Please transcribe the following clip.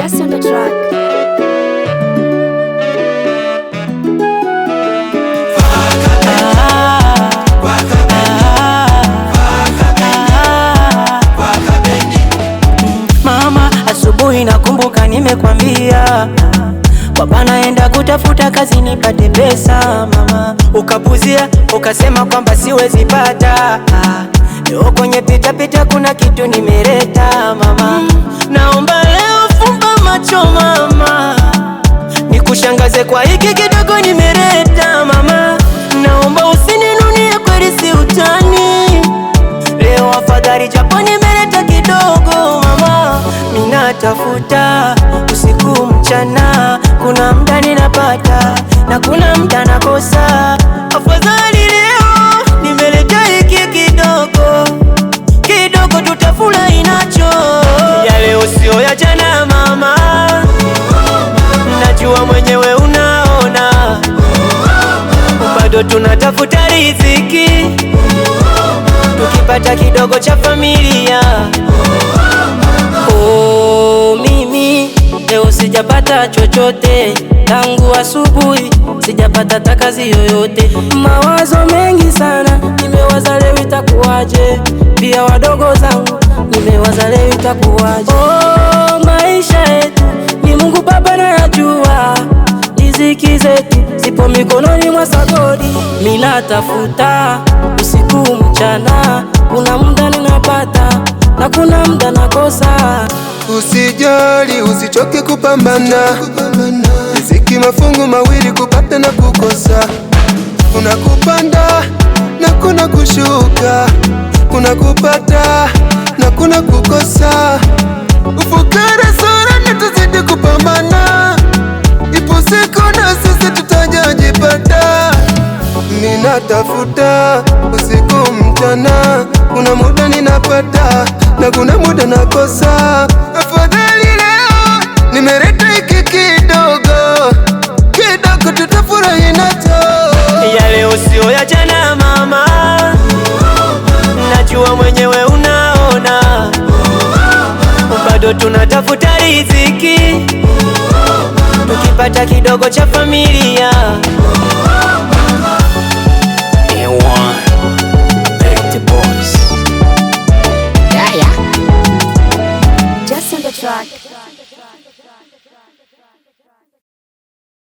Jesse on the track. Nakumbuka nimekwambia kwamba naenda kutafuta kazi nipate pesa mama, ukapuzia ukasema kwamba siwezi pata. Leo kwenye pitapita kuna kitu nimeleta mama, naomba Asante kwa hiki kidogo nimeleta mama, naomba usininunie kweli, si utani. Leo afadhali japo nimeleta kidogo mama, ninatafuta usiku mchana, kuna mda ninapata na kuna mda nakosa. Afadhali leo nimeleta hiki kidogo kidogo, tutafula inacho Ya leo sio ya jana mama, najua bado tunatafuta riziki, tukipata kidogo cha familia. Oh, mimi leo sijapata chochote tangu asubuhi, sijapata takazi yoyote. Mawazo mengi sana, nimewaza leo itakuwaje, pia wadogo zangu nimewaza leo itakuwaje. Oh, maisha yetu ni Mungu Baba na najua riziki zetu zipo mikononi mwa sagodi. Minatafuta usiku mchana, kuna muda ninapata na kuna muda nakosa. Usijali, usichoke kupambana, riziki mafungu mawili, kupata na kukosa. Kuna kupanda na kuna kushuka, kuna kupata na kuna kukosa. Ufukara sura natafuta usiku mchana, kuna muda ninapata na kuna muda nakosa. Afadhali leo nimeleta hiki kidogo kidogo, tutafurahi nacho. Ya leo sio ya jana, mama, najua mwenyewe unaona, bado tunatafuta riziki, tukipata kidogo cha familia track.